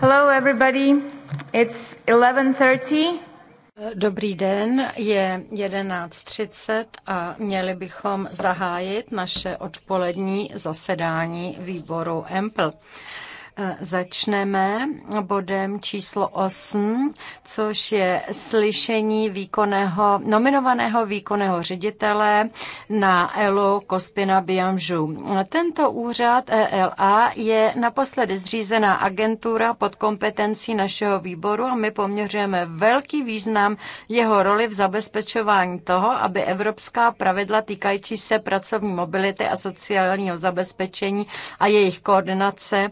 Hello everybody. It's 11:30. Dobrý den, je 11.30 a měli bychom zahájit naše odpolední zasedání výboru EMPL. Začneme bodem číslo 8, což je slyšení výkonného, nominovaného výkonného ředitele na ELO Kospina Bianžu. Tento úřad ELA je naposledy zřízená agentura pod kompetencí našeho výboru a my poměřujeme velký význam jeho roli v zabezpečování toho, aby evropská pravidla týkající se pracovní mobility a sociálního zabezpečení a jejich koordinace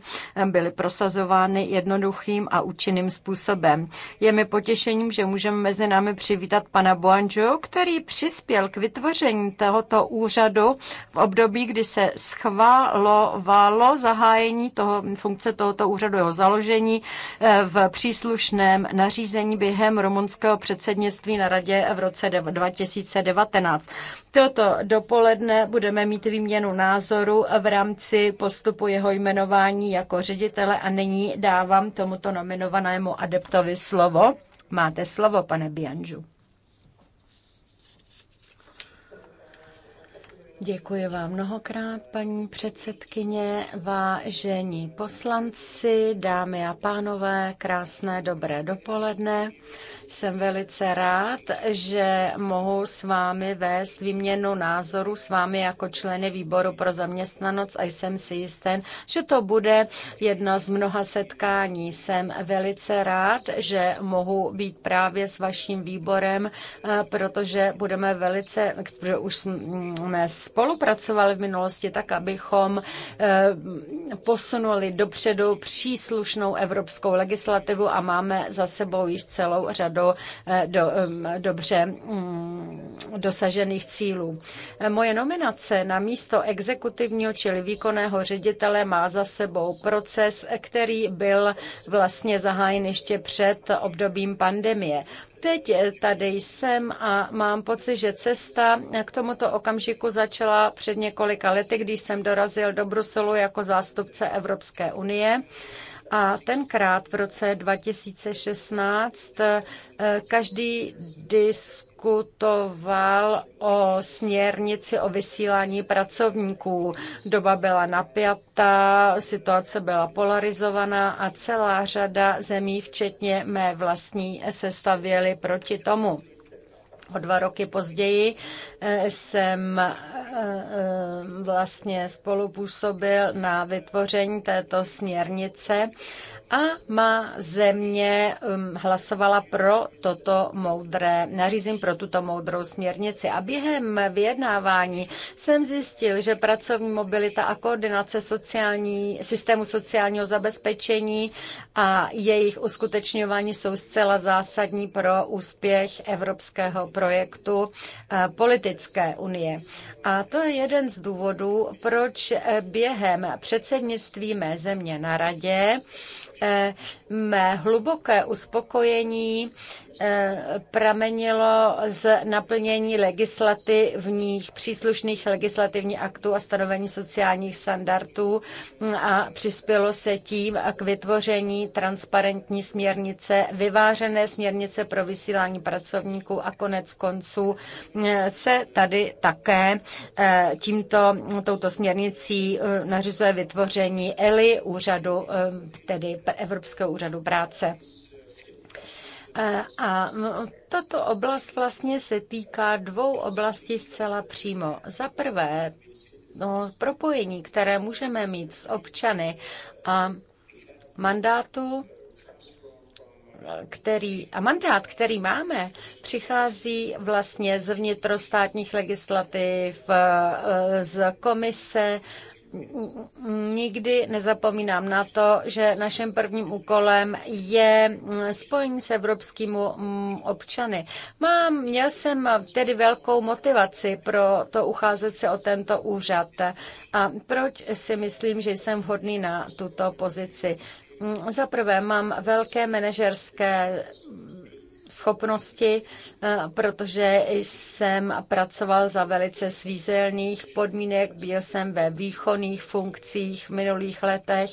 byly prosazovány jednoduchým a účinným způsobem. Je mi potěšením, že můžeme mezi námi přivítat pana Boanžu, který přispěl k vytvoření tohoto úřadu v období, kdy se schvalovalo zahájení toho, funkce tohoto úřadu, jeho založení eh, v příslušném nařízení během rumunského předsednictví na radě v roce 2019. Toto dopoledne budeme mít výměnu názoru v rámci postupu jeho jmenování jako ředitel ředitele a nyní dávám tomuto nominovanému adeptovi slovo. Máte slovo, pane Bianžu. Děkuji vám mnohokrát, paní předsedkyně, vážení poslanci, dámy a pánové, krásné dobré dopoledne. Jsem velice rád, že mohu s vámi vést výměnu názoru s vámi jako členy výboru pro zaměstnanost a jsem si jistý, že to bude jedno z mnoha setkání. Jsem velice rád, že mohu být právě s vaším výborem, eh, protože budeme velice, protože už jsme spolupracovali v minulosti tak, abychom eh, posunuli dopředu příslušnou evropskou legislativu a máme za sebou již celou řadu řadou do, eh, dobře mm, dosažených cílů. Eh, moje nominace na místo exekutivního, čili výkonného ředitele, má za sebou proces, který byl vlastně zahájen ještě před obdobím pandemie teď eh, tady jsem a mám pocit, že cesta k tomuto okamžiku začala před několika lety, když jsem dorazil do Bruselu jako zástupce Evropské unie a tenkrát v roce 2016 eh, každý diskutoval o směrnici o vysílání pracovníků. Doba byla napjatá, situace byla polarizovaná a celá řada zemí, včetně mé vlastní, se stavěly proti tomu. O dva roky později eh, jsem eh, eh, vlastně spolupůsobil na vytvoření této směrnice a má země um, hlasovala pro toto moudré nařízení, pro tuto moudrou směrnici. A během vyjednávání jsem zjistil, že pracovní mobilita a koordinace sociální, systému sociálního zabezpečení a jejich uskutečňování jsou zcela zásadní pro úspěch evropského projektu uh, politické unie. A to je jeden z důvodů, proč během předsednictví mé země na radě Eh, mé hluboké uspokojení Eh, pramenilo z naplnění legislativních, příslušných legislativních aktů a stanovení sociálních standardů hm, a přispělo se tím k vytvoření transparentní směrnice, vyvážené směrnice pro vysílání pracovníků a konec konců hm, se tady také eh, tímto, touto směrnicí eh, nařizuje vytvoření ELI, úřadu, tedy Evropského úřadu práce. Eh, a no, tato oblast vlastně se týká dvou oblastí zcela přímo. Za prvé, no, propojení, které můžeme mít s občany a mandátu, který, a mandát, který máme, přichází vlastně z vnitrostátních legislativ, eh, z komise nikdy nezapomínám na to, že naším prvním úkolem je mm, spojení s evropskými mm, občany. Mám, měl jsem tedy velkou motivaci pro to ucházet se o tento úřad. A proč si myslím, že jsem vhodný na tuto pozici? Mm, za prvé mám velké manažerské schopnosti, eh, protože jsem pracoval za velice svízelných podmínek, byl jsem ve výkonných funkcích v minulých letech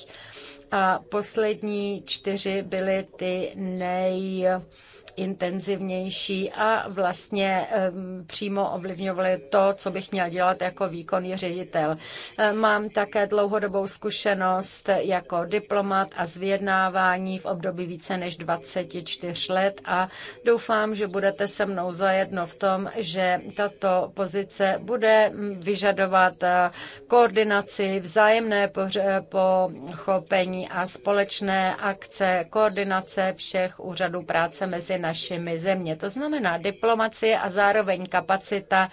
a poslední čtyři byly ty nej intenzivnější a vlastně přímo ovlivňovaly to, co bych měl dělat jako výkonný ředitel. Mám také dlouhodobou zkušenost jako diplomat a zvědnávání v období více než 24 let a doufám, že budete se mnou zajedno v tom, že tato pozice bude vyžadovat eh, koordinaci, vzájemné eh, pochopení a společné akce, koordinace všech úřadů práce mezi našimi země. To znamená diplomacie a zároveň kapacita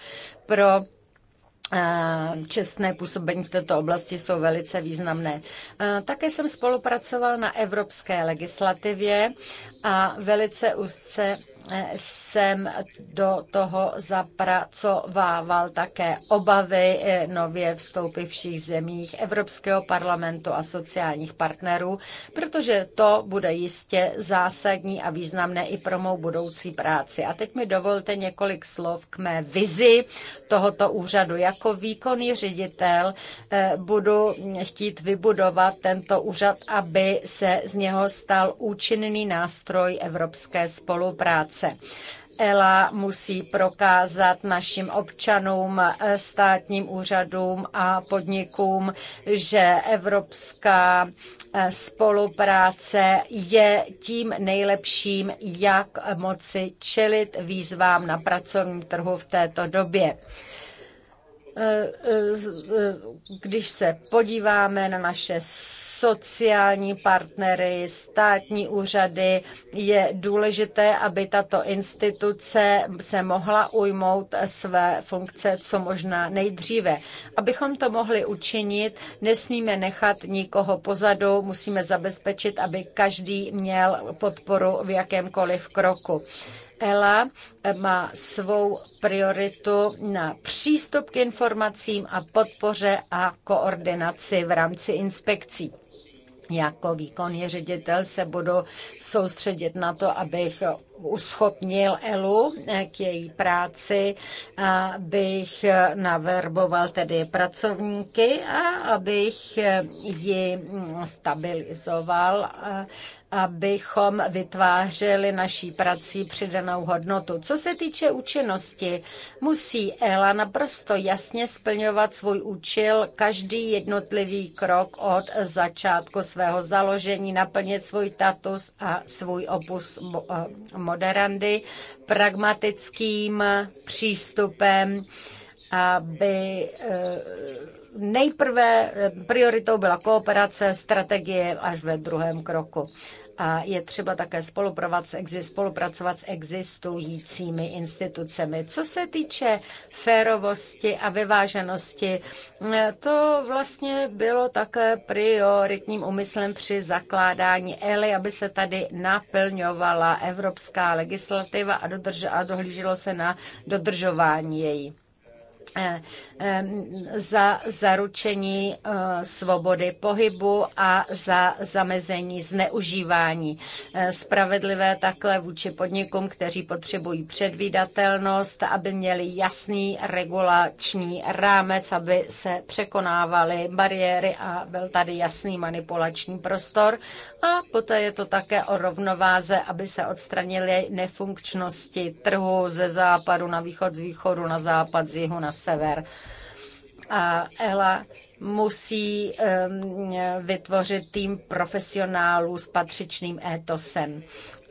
pro eh, čestné působení v této oblasti jsou velice významné. Eh, také jsem spolupracoval na evropské legislativě a velice úzce jsem do toho zapracovával také obavy eh, nově vstoupivších zemích Evropského parlamentu a sociálních partnerů, protože to bude jistě zásadní a významné i pro mou budoucí práci. A teď mi dovolte několik slov k mé vizi tohoto úřadu. Jako výkonný ředitel eh, budu chtít vybudovat tento úřad, aby se z něho stal účinný nástroj evropské spolupráce práce. ELA musí prokázat našim občanům, státním úřadům a podnikům, že evropská eh, spolupráce je tím nejlepším, jak moci čelit výzvám na pracovním trhu v této době. Eh, eh, když se podíváme na naše sociální partnery, státní úřady. Je důležité, aby tato instituce se mohla ujmout své funkce co možná nejdříve. Abychom to mohli učinit, nesmíme nechat nikoho pozadu, musíme zabezpečit, aby každý měl podporu v jakémkoliv kroku. ELA eh, má svou prioritu na přístup k informacím a podpoře a koordinaci v rámci inspekcí jako výkonný ředitel se budu soustředit na to, abych uschopnil Elu k její práci, abych naverboval tedy pracovníky a abych ji stabilizoval abychom vytvářeli naší prací přidanou hodnotu. Co se týče účinnosti, musí ELA naprosto jasně splňovat svůj účel každý jednotlivý krok od začátku svého založení, naplnit svůj status a svůj opus eh, moderandy pragmatickým přístupem, aby eh, nejprve prioritou byla kooperace, strategie až ve druhém kroku a je třeba také spolupracovat s existujícími institucemi. Co se týče férovosti a vyváženosti, eh, to vlastně bylo také prioritním úmyslem při zakládání ELI, aby se tady naplňovala evropská legislativa a, dodrž- a dohlíželo se na dodržování její. Eh, eh, za zaručení eh, svobody pohybu a za zamezení zneužívání. Spravedlivé takhle vůči podnikům, kteří potřebují předvídatelnost, aby měli jasný regulační rámec, aby se překonávaly bariéry a byl tady jasný manipulační prostor. A poté je to také o rovnováze, aby se odstranily nefunkčnosti trhu ze západu na východ, z východu na západ, z jihu na sever a Ela musí um, vytvořit tým profesionálů s patřičným étosem.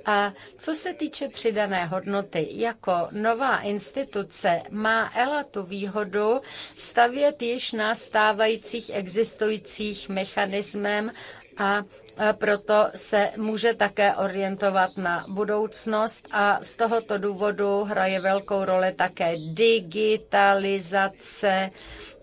A co se týče přidané hodnoty, jako nová instituce má ELA tu výhodu stavět již na stávajících existujících mechanismem a proto se může také orientovat na budoucnost a z tohoto důvodu hraje velkou roli také digitalizace,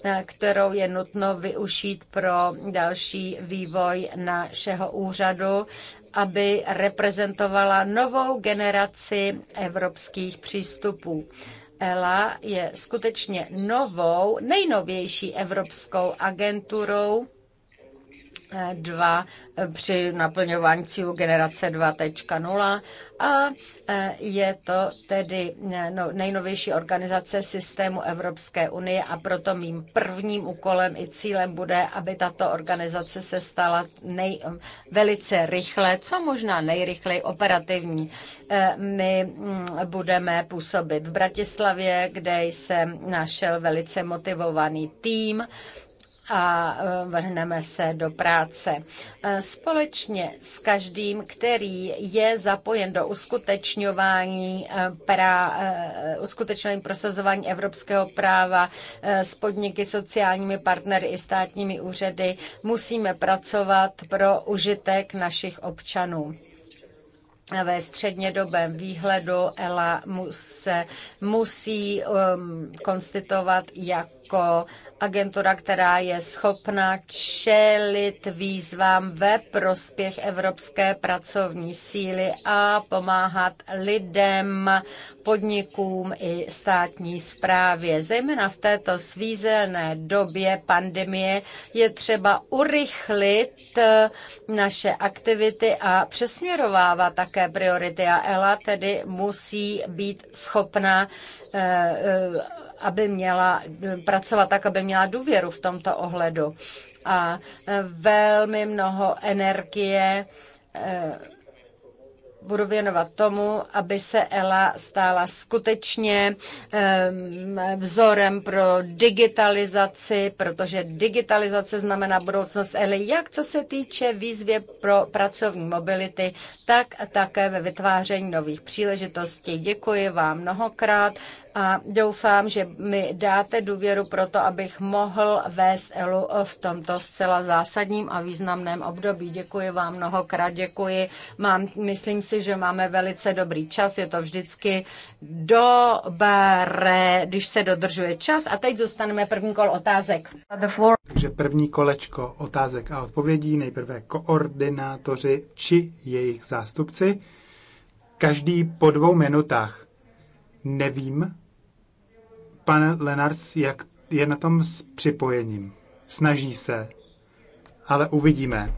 eh, kterou je nutno využít pro další vývoj našeho úřadu, aby reprezentovala novou generaci evropských přístupů. ELA je skutečně novou, nejnovější evropskou agenturou, 2 při naplňování cílu generace 2.0 a e, je to tedy e, no, nejnovější organizace systému Evropské unie a proto mým prvním úkolem i cílem bude, aby tato organizace se stala nej, velice rychle, co možná nejrychleji operativní. E, my mm, budeme působit v Bratislavě, kde jsem našel velice motivovaný tým, a eh, vrhneme se do práce. Eh, společně s každým, který je zapojen do uskutečňování, eh, pra, uskutečňování prosazování evropského práva s podniky, sociálními partnery i státními úřady, musíme pracovat pro užitek našich občanů ve střednědobém výhledu ELA se musí um, konstituovat jako agentura, která je schopna čelit výzvám ve prospěch evropské pracovní síly a pomáhat lidem, podnikům i státní správě. Zejména v této svízelné době pandemie je třeba urychlit eh, naše aktivity a přesměrovávat také priority. A ELA tedy musí být schopna eh, eh, aby měla pracovat tak, aby měla důvěru v tomto ohledu. A e, velmi mnoho energie e, budu věnovat tomu, aby se Ela stála skutečně e, vzorem pro digitalizaci, protože digitalizace znamená budoucnost Eli, jak co se týče výzvě pro pracovní mobility, tak také ve vytváření nových příležitostí. Děkuji vám mnohokrát a doufám, že mi dáte důvěru pro to, abych mohl vést ELU v tomto zcela zásadním a významném období. Děkuji vám mnohokrát, děkuji. Mám, myslím si, že máme velice dobrý čas, je to vždycky dobré, když se dodržuje čas. A teď zůstaneme první kol otázek. Takže první kolečko otázek a odpovědí, nejprve koordinátoři či jejich zástupci. Každý po dvou minutách. Nevím, Pane Lenars jak je na tom s připojením. Snaží se, ale uvidíme.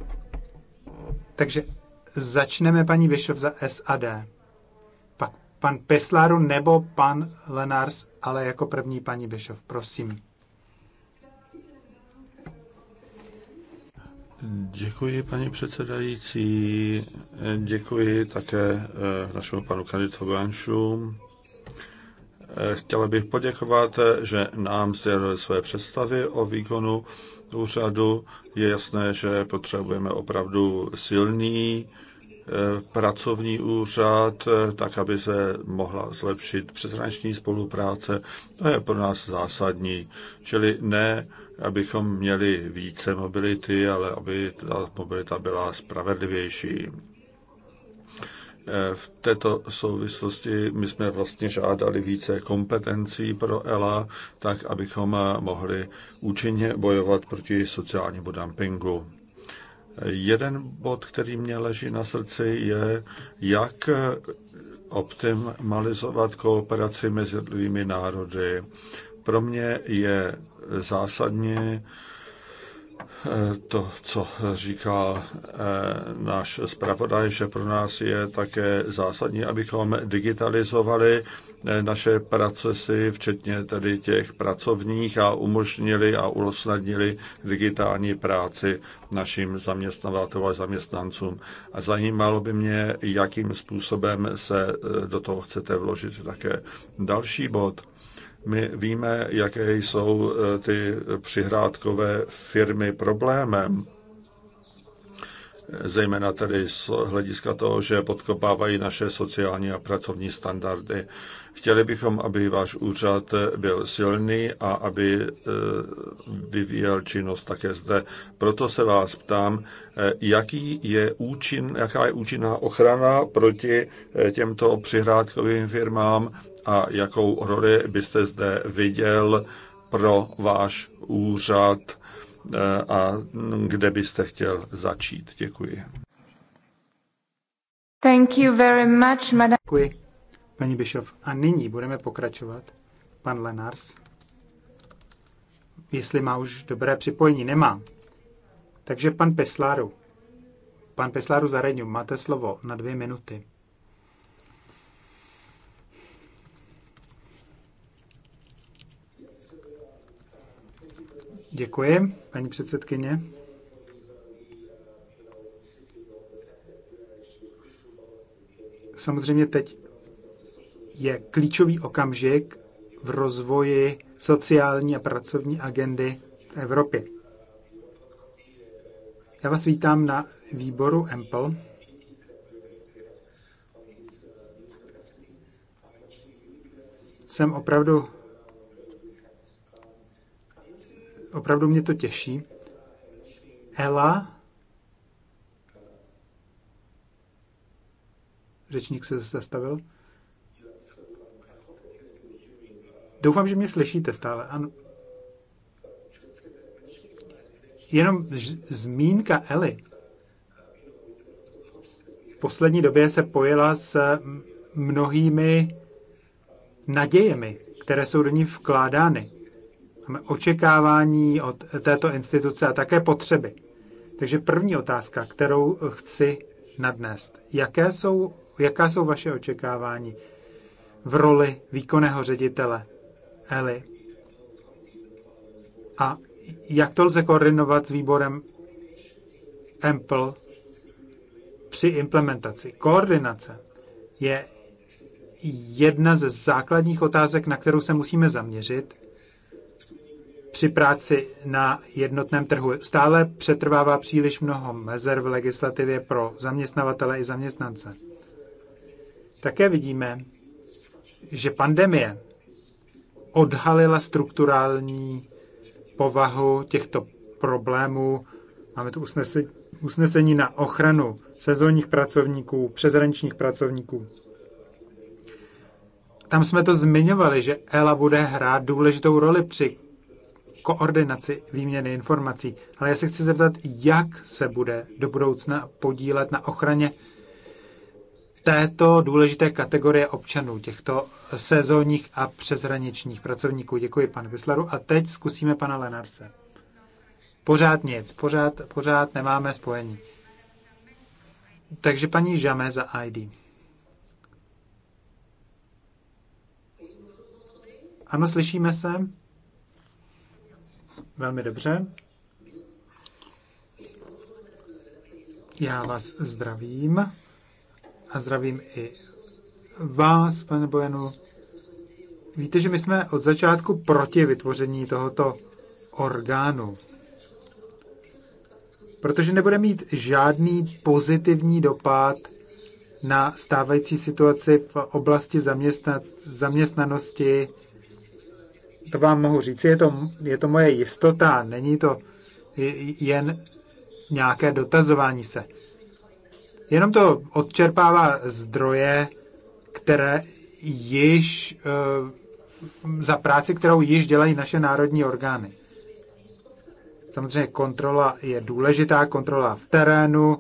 Takže začneme paní Vyšov za SAD. Pak pan Pesláru nebo pan Lenars, ale jako první paní Vyšov, prosím. Děkuji, paní předsedající. Děkuji také eh, našemu panu kandidotu Vanšu Chtěla bych poděkovat, že nám sdělili své představy o výkonu úřadu. Je jasné, že potřebujeme opravdu silný eh, pracovní úřad, eh, tak aby se mohla zlepšit přeshraniční spolupráce. To je pro nás zásadní. Čili ne, abychom měli více mobility, ale aby ta mobilita byla spravedlivější. Eh, v této souvislosti my jsme vlastně žádali více kompetencí pro ELA, tak abychom eh, mohli účinně bojovat proti sociálnímu dumpingu. Eh, jeden bod, který mě leží na srdci, je, jak optimalizovat kooperaci mezi jednotlivými národy. Pro mě je zásadně to, co říká eh, náš zpravodaj, že pro nás je také zásadní, abychom digitalizovali eh, naše procesy, včetně tedy těch pracovních a umožnili a usnadnili digitální práci našim zaměstnavatelům a zaměstnancům. A zajímalo by mě, jakým způsobem se eh, do toho chcete vložit také další bod my víme, jaké jsou eh, ty přihrádkové firmy problémem, zejména tedy z hlediska toho, že podkopávají naše sociální a pracovní standardy. Chtěli bychom, aby váš úřad byl silný a aby eh, vyvíjel činnost také zde. Proto se vás ptám, eh, jaký je účin, jaká je účinná ochrana proti těmto přihrádkovým firmám a jakou roli byste zde viděl pro váš úřad eh, a kde byste chtěl začít. Děkuji. Thank you very much, madam. Děkuji, paní Bischoff. A nyní budeme pokračovat. Pan Lenars, jestli má už dobré připojení, nemá. Takže pan Pesláru. Pan Pesláru Zareňu, máte slovo na dvě minuty. Děkuji, paní předsedkyně. Samozřejmě teď je klíčový okamžik v rozvoji sociální a pracovní agendy v Evropě. Já vás vítám na výboru EMPL. Jsem opravdu opravdu mě to těší. Ela, řečník se zastavil. Doufám, že mě slyšíte stále. Ano. Jenom zmínka Eli v poslední době se pojela s mnohými nadějemi, které jsou do ní vkládány očekávání od této instituce a také potřeby. Takže první otázka, kterou chci nadnést. Jaké jsou, jaká jsou vaše očekávání v roli výkonného ředitele Eli? A jak to lze koordinovat s výborem Ample při implementaci? Koordinace je jedna ze základních otázek, na kterou se musíme zaměřit při práci na jednotném trhu. Stále přetrvává příliš mnoho mezer v legislativě pro zaměstnavatele i zaměstnance. Také vidíme, že pandemie odhalila strukturální povahu těchto problémů. Máme tu usnesení na ochranu sezónních pracovníků, přezraničních pracovníků. Tam jsme to zmiňovali, že ELA bude hrát důležitou roli při koordinaci výměny informací. Ale já se chci zeptat, jak se bude do budoucna podílet na ochraně této důležité kategorie občanů, těchto sezónních a přeshraničních pracovníků. Děkuji, pan Vyslaru. A teď zkusíme pana Lenarse. Pořád nic, pořád, pořád nemáme spojení. Takže paní Žame za ID. Ano, slyšíme se? Velmi dobře. Já vás zdravím a zdravím i vás, pane Bojenu. Víte, že my jsme od začátku proti vytvoření tohoto orgánu, protože nebude mít žádný pozitivní dopad na stávající situaci v oblasti zaměstnanosti to vám mohu říct, je to, je to moje jistota, není to jen nějaké dotazování se. Jenom to odčerpává zdroje, které již eh, za práci, kterou již dělají naše národní orgány. Samozřejmě kontrola je důležitá, kontrola v terénu,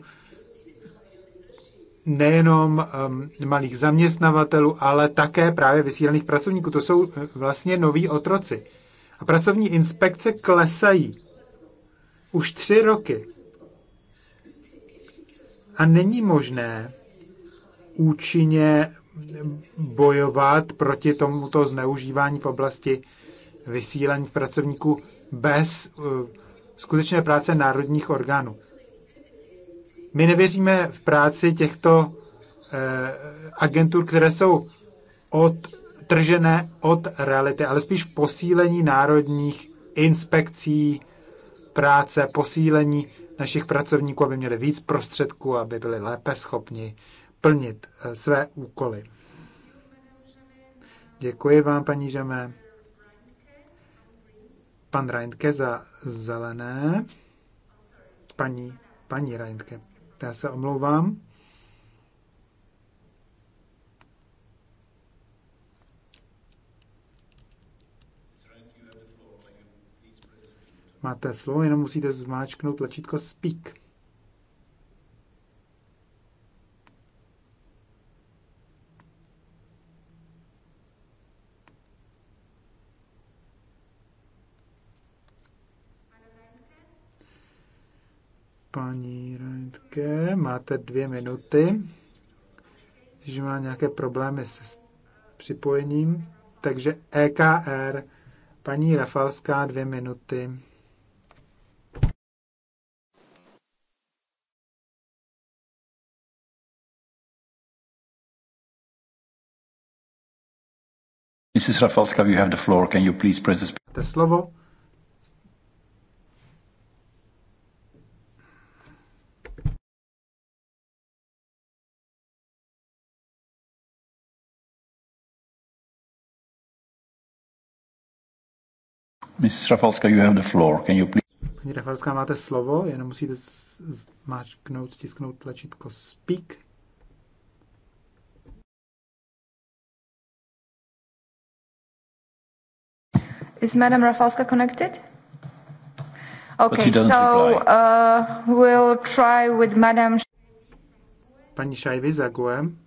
nejenom um, malých zaměstnavatelů, ale také právě vysílených pracovníků. To jsou eh, vlastně noví otroci. A pracovní inspekce klesají už tři roky. A není možné účinně bojovat proti tomuto zneužívání v oblasti vysílání pracovníků bez eh, skutečné práce národních orgánů. My nevěříme v práci těchto eh, agentur, které jsou odtržené od reality, ale spíš v posílení národních inspekcí práce, posílení našich pracovníků, aby měli víc prostředků, aby byli lépe schopni plnit eh, své úkoly. Děkuji vám, paní Žeme. Pan Reintke za zelené. Paní, paní Reintke. Já se omlouvám. Máte slovo, jenom musíte zmáčknout tlačítko Speak. Paní Rajtke, máte dvě minuty. Že má nějaké problémy se připojením, takže EKR, paní Rafalská, dvě minuty. Mrs. Rafalska, you have the floor. Can you please press the... The slovo. Mrs. Rafalska, you have the floor. Can you please... Paní Rafalská, máte slovo, jenom musíte zmáčknout, stisknout tlačítko Speak. Is Madam Rafalska connected? Okay, so uh, we'll try with Madam... Paní Šajvi Zaguem,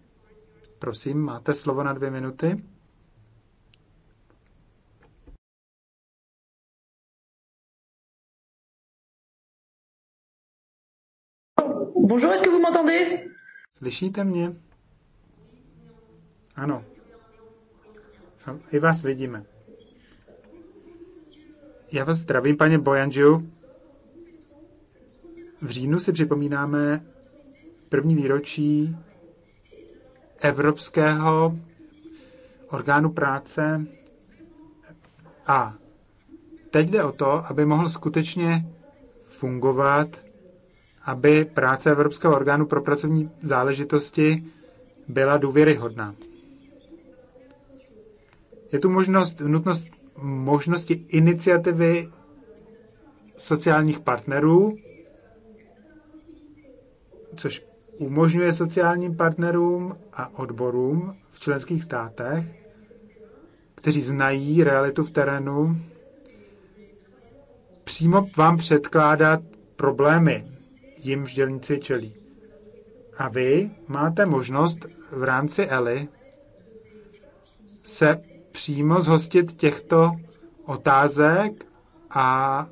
prosím, máte slovo na dvě minuty. Bonjour, est-ce que vous m'entendez? Slyšíte mě? Ano. I vás vidíme. Já vás zdravím, paně Bojanžiu. V říjnu si připomínáme první výročí Evropského orgánu práce a teď jde o to, aby mohl skutečně fungovat aby práce Evropského orgánu pro pracovní záležitosti byla důvěryhodná. Je tu možnost, nutnost možnosti iniciativy sociálních partnerů, což umožňuje sociálním partnerům a odborům v členských státech, kteří znají realitu v terénu, přímo vám předkládat problémy jimž dělníci čelí. A vy máte možnost v rámci Eli se přímo zhostit těchto otázek a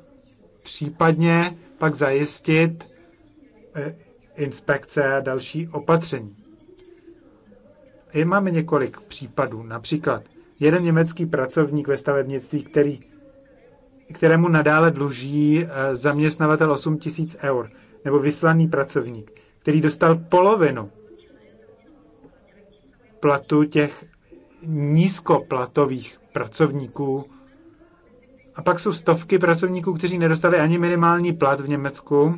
případně pak zajistit eh, inspekce a další opatření. I máme několik případů. Například jeden německý pracovník ve stavebnictví, který, kterému nadále dluží eh, zaměstnavatel 8 tisíc eur nebo vyslaný pracovník, který dostal polovinu platu těch nízkoplatových pracovníků. A pak jsou stovky pracovníků, kteří nedostali ani minimální plat v Německu.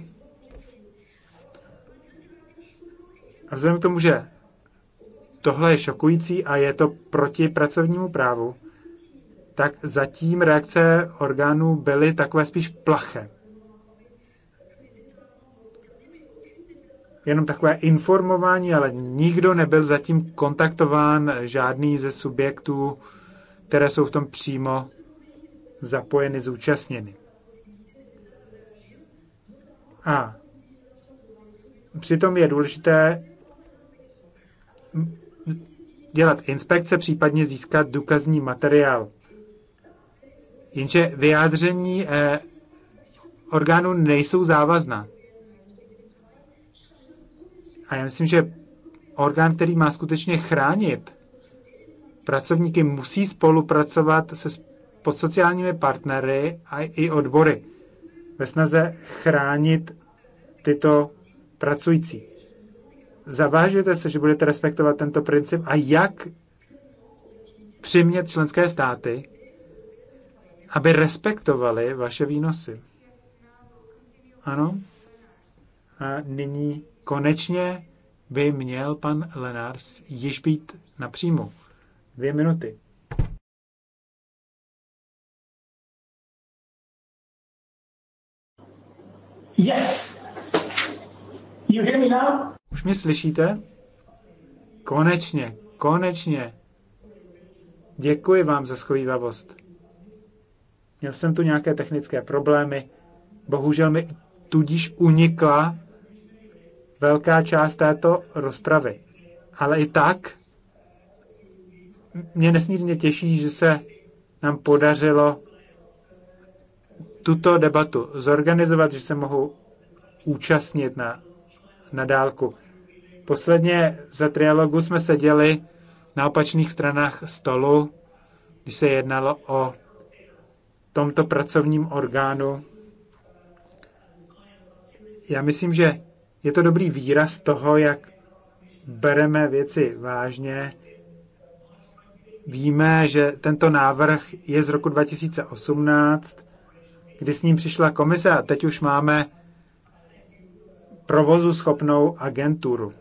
A vzhledem k tomu, že tohle je šokující a je to proti pracovnímu právu, tak zatím reakce orgánů byly takové spíš plaché. jenom takové informování, ale nikdo nebyl zatím kontaktován, žádný ze subjektů, které jsou v tom přímo zapojeny, zúčastněny. A přitom je důležité dělat inspekce, případně získat důkazní materiál. Jenže vyjádření eh, orgánů nejsou závazná. A já myslím, že orgán, který má skutečně chránit pracovníky, musí spolupracovat se pod sociálními partnery a i odbory ve snaze chránit tyto pracující. Zavážete se, že budete respektovat tento princip a jak přimět členské státy, aby respektovali vaše výnosy. Ano? A nyní Konečně by měl pan Lenars již být na příjmu. Dvě minuty. Yes! You hear me now? Už mě slyšíte? Konečně, konečně. Děkuji vám za schovývavost. Měl jsem tu nějaké technické problémy, bohužel mi tudíž unikla velká část této rozpravy. Ale i tak mě nesmírně těší, že se nám podařilo tuto debatu zorganizovat, že se mohou účastnit na, na dálku. Posledně za trialogu jsme seděli na opačných stranách stolu, když se jednalo o tomto pracovním orgánu. Já myslím, že je to dobrý výraz toho, jak bereme věci vážně. Víme, že tento návrh je z roku 2018, kdy s ním přišla komise a teď už máme provozu schopnou agenturu.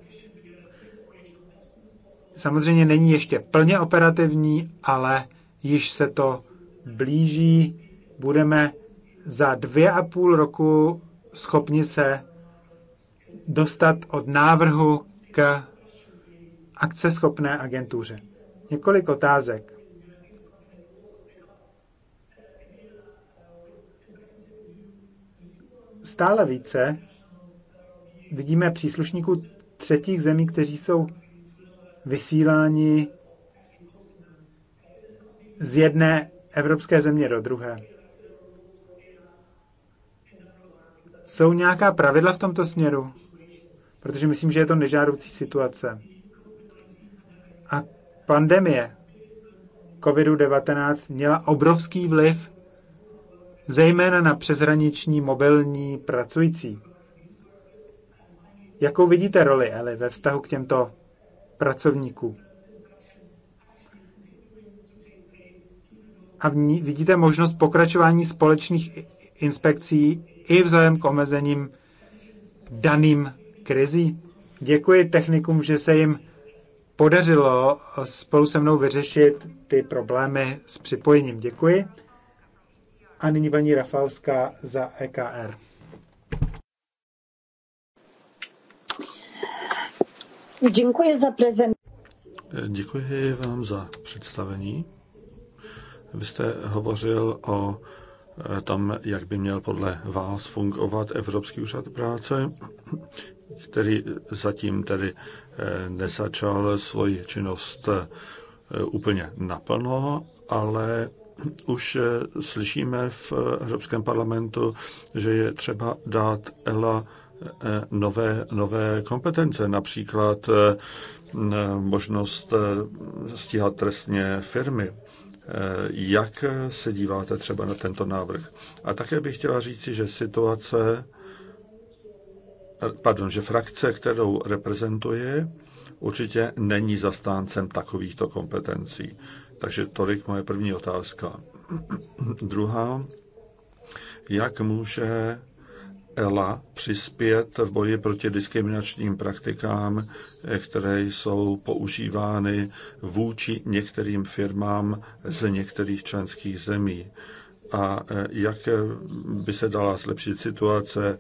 Samozřejmě není ještě plně operativní, ale již se to blíží. Budeme za dvě a půl roku schopni se dostat od návrhu k akceschopné agentuře. Několik otázek. Stále více vidíme příslušníků třetích zemí, kteří jsou vysíláni z jedné evropské země do druhé. Jsou nějaká pravidla v tomto směru? protože myslím, že je to nežádoucí situace. A pandemie COVID-19 měla obrovský vliv zejména na přeshraniční mobilní pracující. Jakou vidíte roli Eli ve vztahu k těmto pracovníkům? A vidíte možnost pokračování společných inspekcí i vzájem k omezením daným krizí. Děkuji technikům, že se jim podařilo spolu se mnou vyřešit ty problémy s připojením. Děkuji. A nyní paní Rafalská za EKR. Děkuji za prezent. Děkuji vám za představení. Vy jste hovořil o Eh, tam jak by měl podle vás fungovat Evropský úřad práce, který zatím tedy eh, nezačal svoji činnost eh, úplně naplno, ale už slyšíme v Evropském parlamentu, že je třeba dát ELA nové, nové kompetence, například možnost stíhat trestně firmy. Eh, jak se díváte třeba na tento návrh? A také bych chtěla říci, že situace, eh, pardon, že frakce, kterou reprezentuje, určitě není zastáncem takovýchto kompetencí. Takže tolik moje první otázka. Druhá, jak může ELA přispět v boji proti diskriminačním praktikám, eh, které jsou používány vůči některým firmám z některých členských zemí a eh, jak eh, by se dala zlepšit situace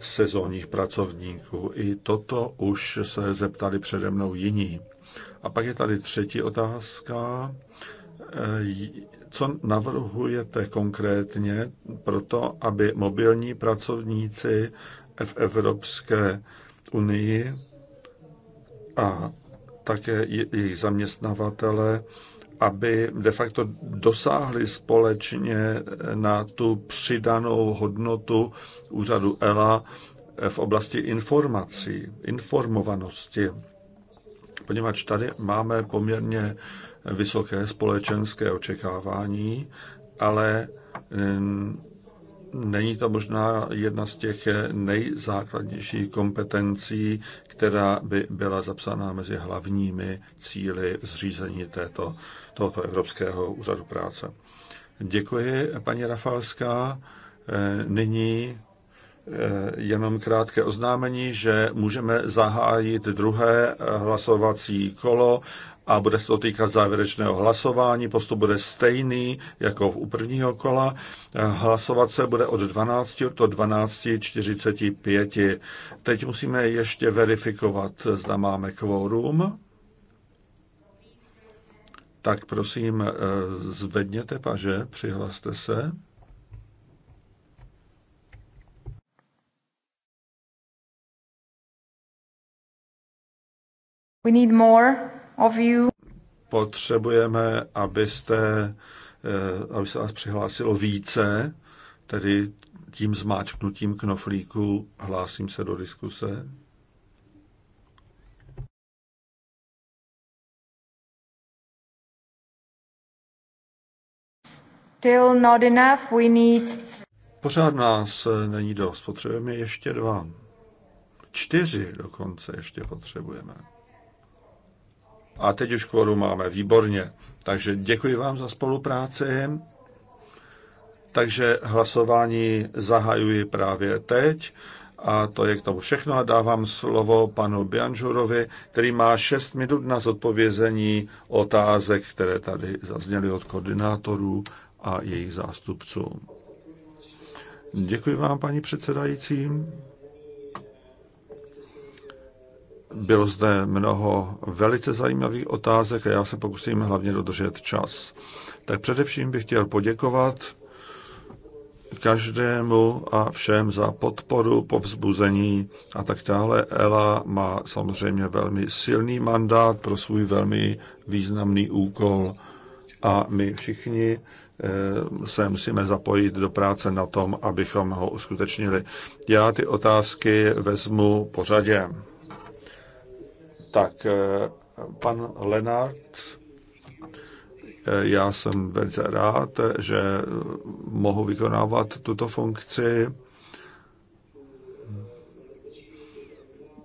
sezónních pracovníků. I toto už se zeptali přede mnou jiní. A pak je tady třetí otázka. Co navrhujete konkrétně pro to, aby mobilní pracovníci v Evropské unii a také jejich zaměstnavatele, aby de facto dosáhli společně na tu přidanou hodnotu úřadu ELA v oblasti informací, informovanosti. Poněvadž tady máme poměrně vysoké společenské očekávání, ale není to možná jedna z těch nejzákladnějších kompetencí, která by byla zapsaná mezi hlavními cíly zřízení této, tohoto Evropského úřadu práce. Děkuji, paní Rafalská. E, nyní e, jenom krátké oznámení, že můžeme zahájit druhé hlasovací kolo a bude se to týkat závěrečného hlasování. Postup bude stejný jako v u prvního kola. Hlasovat se bude od 12 do 12.45. Teď musíme ještě verifikovat, zda máme kvórum. Tak prosím, eh, zvedněte paže, přihlaste se. We need more of you. Potřebujeme, abyste, eh, aby se vás přihlásilo více, tedy tím zmáčknutím knoflíku hlásím se do diskuse. Still not enough, we need... Pořád nás eh, není dost, potřebujeme ještě dva. Čtyři dokonce ještě potřebujeme. A teď už kvoru máme, výborně. Takže děkuji vám za spolupráci. Takže hlasování zahajuji právě teď. A to je k tomu všechno a dávám slovo panu Bianžurovi, který má 6 minut na zodpovězení otázek, které tady zazněly od koordinátorů a jejich zástupců. Děkuji vám, paní předsedající. Bylo zde mnoho velice zajímavých otázek a já se pokusím hlavně dodržet čas. Tak především bych chtěl poděkovat každému a všem za podporu, povzbuzení a tak dále. Ela má samozřejmě velmi silný mandát pro svůj velmi významný úkol a my všichni eh, se musíme zapojit do práce na tom, abychom ho uskutečnili. Já ty otázky vezmu pořadě. Tak, eh, pan Lenart, eh, já jsem velice rád, že mohu vykonávat tuto funkci.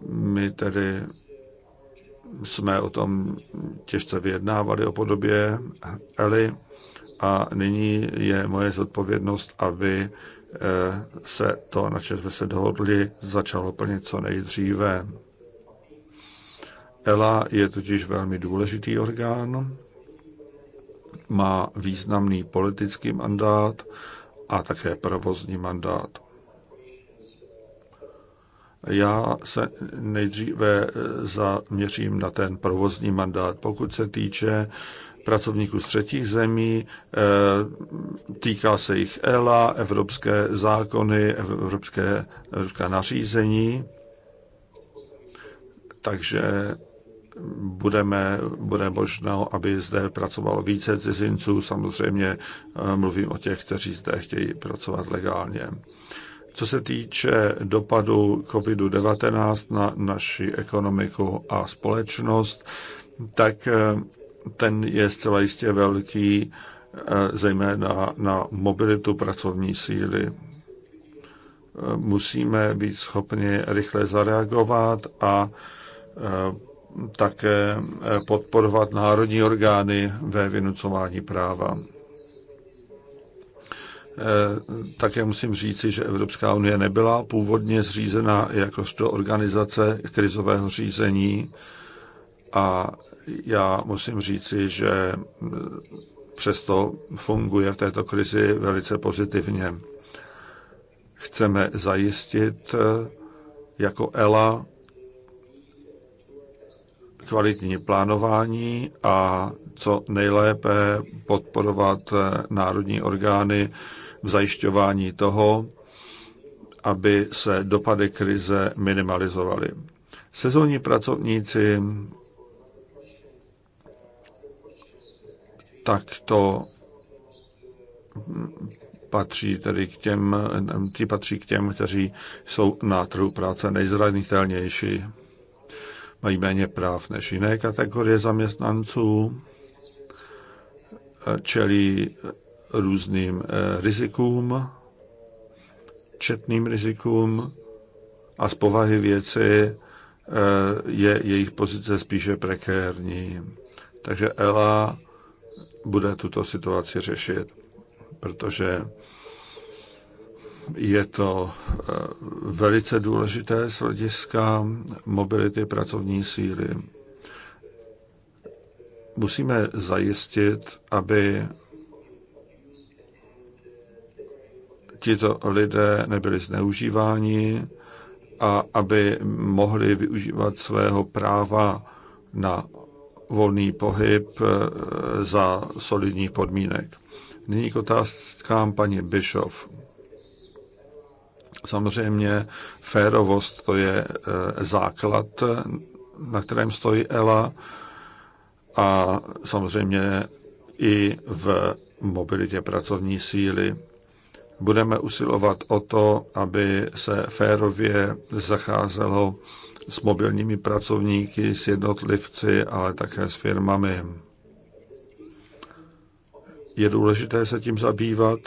My tedy jsme o tom těžce vyjednávali o podobě Eli a nyní je moje zodpovědnost, aby eh, se to, na čem jsme se dohodli, začalo plnit co nejdříve. ELA je totiž velmi důležitý orgán, má významný politický mandát a také provozní mandát. Já se nejdříve e, zaměřím na ten provozní mandát. Pokud se týče pracovníků z třetích zemí, e, týká se jich ELA, evropské zákony, evropské, evropská nařízení, takže budeme, bude možno, aby zde pracovalo více cizinců. Samozřejmě eh, mluvím o těch, kteří zde chtějí pracovat legálně. Co se týče dopadu COVID-19 na naši ekonomiku a společnost, tak eh, ten je zcela jistě velký, eh, zejména na mobilitu pracovní síly. Musíme být schopni rychle zareagovat a také eh, podporovat národní orgány ve vynucování práva. Eh, také musím říci, že Evropská unie nebyla původně zřízena jakožto organizace krizového řízení a já musím říci, že eh, přesto funguje v této krizi velice pozitivně. Chceme zajistit jako ELA kvalitní plánování a co nejlépe podporovat eh, národní orgány v zajišťování toho, aby se dopady krize minimalizovaly. Sezónní pracovníci takto patří tedy k těm, ti patří k těm, kteří jsou na trhu práce nejzranitelnější mají méně práv než jiné kategorie zaměstnanců, čelí různým eh, rizikům, četným rizikům a z povahy věci eh, je jejich pozice spíše prekérní. Takže ELA bude tuto situaci řešit, protože je to eh, velice důležité z hlediska mobility pracovní síly. Musíme zajistit, aby tito lidé nebyli zneužíváni a aby mohli využívat svého práva na volný pohyb eh, za solidních podmínek. Nyní k otázkám paní Bischoff. Samozřejmě férovost to je eh, základ, na kterém stojí ELA a samozřejmě i v mobilitě pracovní síly. Budeme usilovat o to, aby se férově zacházelo s mobilními pracovníky, s jednotlivci, ale také s firmami. Je důležité se tím zabývat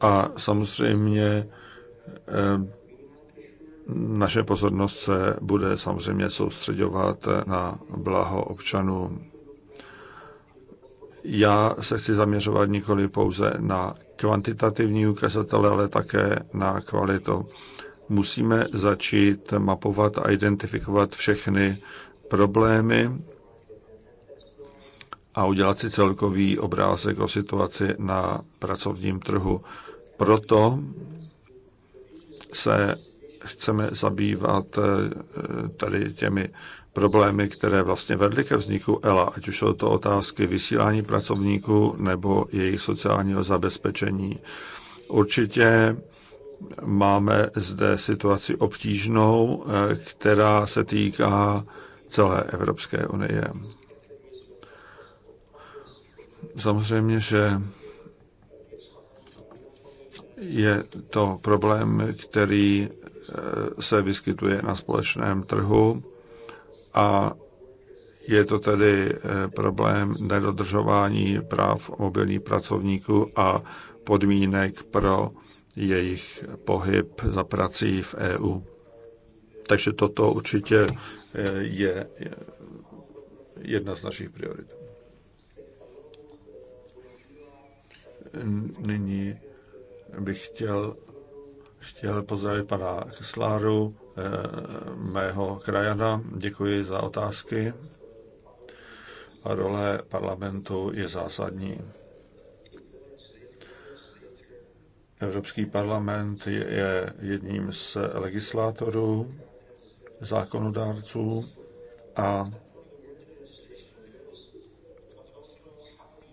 a samozřejmě eh, naše pozornost se bude samozřejmě soustředovat na blaho občanů. Já se chci zaměřovat nikoli pouze na kvantitativní ukazatele, ale také na kvalitu. Musíme začít mapovat a identifikovat všechny problémy, a udělat si celkový obrázek o situaci na pracovním trhu. Proto se chceme zabývat eh, tady těmi problémy, které vlastně vedly ke vzniku ELA, ať už jsou to otázky vysílání pracovníků nebo jejich sociálního zabezpečení. Určitě máme zde situaci obtížnou, eh, která se týká celé Evropské unie samozřejmě, že je to problém, který eh, se vyskytuje na společném trhu a je to tedy eh, problém nedodržování práv mobilních pracovníků a podmínek pro jejich pohyb za prací v EU. Takže toto určitě eh, je jedna z našich priorit. nyní bych chtěl, chtěl pozdravit pana Kesláru, eh, mého krajana. Děkuji za otázky. A role parlamentu je zásadní. Evropský parlament je jedním z legislátorů, zákonodárců a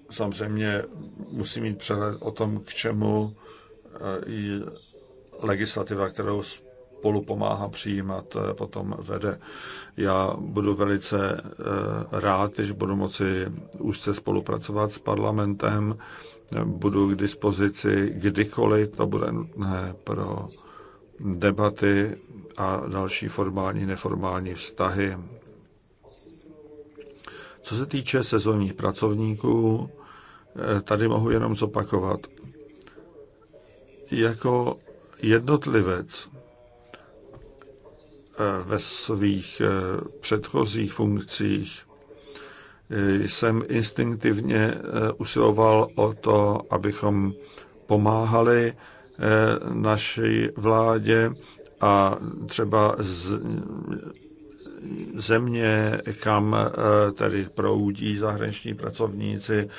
samozřejmě musí mít přehled o tom, k čemu eh, i legislativa, kterou spolu pomáhá přijímat, eh, potom vede. Já budu velice eh, rád, když budu moci úzce spolupracovat s parlamentem, budu k dispozici kdykoliv to bude nutné pro debaty a další formální, neformální vztahy. Co se týče sezónních pracovníků, Eh, tady mohu jenom zopakovat. Jako jednotlivec eh, ve svých eh, předchozích funkcích jsem instinktivně usiloval o to, abychom pomáhali naší vládě a třeba z, země, kam eh, tedy proudí zahraniční pracovníci,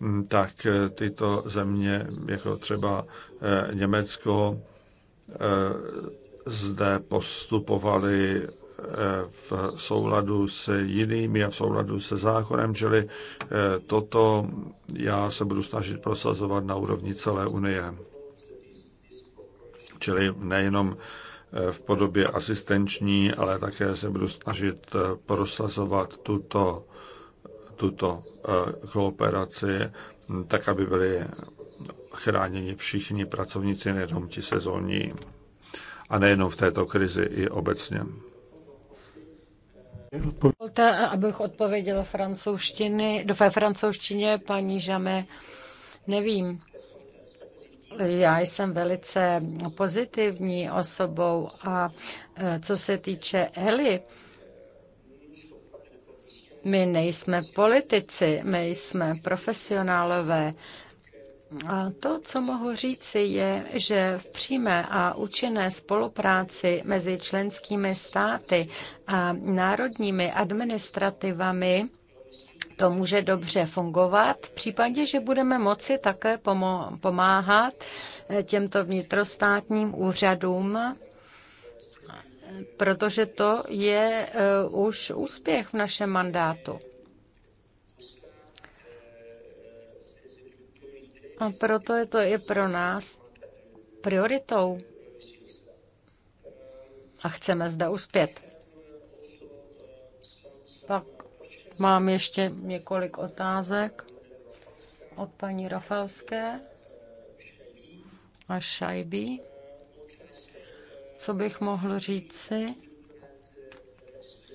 hm, tak eh, tyto země, jako třeba eh, Německo, zde postupovali v souladu s jinými a v souladu se zákonem, čili toto já se budu snažit prosazovat na úrovni celé Unie. Čili nejenom v podobě asistenční, ale také se budu snažit eh, prosazovat tuto, tuto eh, kooperaci, tak aby byli chráněni všichni pracovníci, nejenom ti sezónní. A nejenom v této krizi, i obecně. Dovolte, abych odpověděl francouzštiny, do francouzštině, paní Žame, nevím. Já jsem velice pozitivní osobou a e, co se týče Eli, my nejsme politici, my jsme profesionálové. A to, co mohu říci, je, že v přímé a účinné spolupráci mezi členskými státy a národními administrativami to může dobře fungovat v případě, že budeme moci také pomáhat eh, těmto vnitrostátním úřadům, protože to je eh, už úspěch v našem mandátu. A proto je to i pro nás prioritou. A chceme zde uspět. Pak Mám ještě několik otázek od paní Rafalské a Šajby. Co bych mohl si?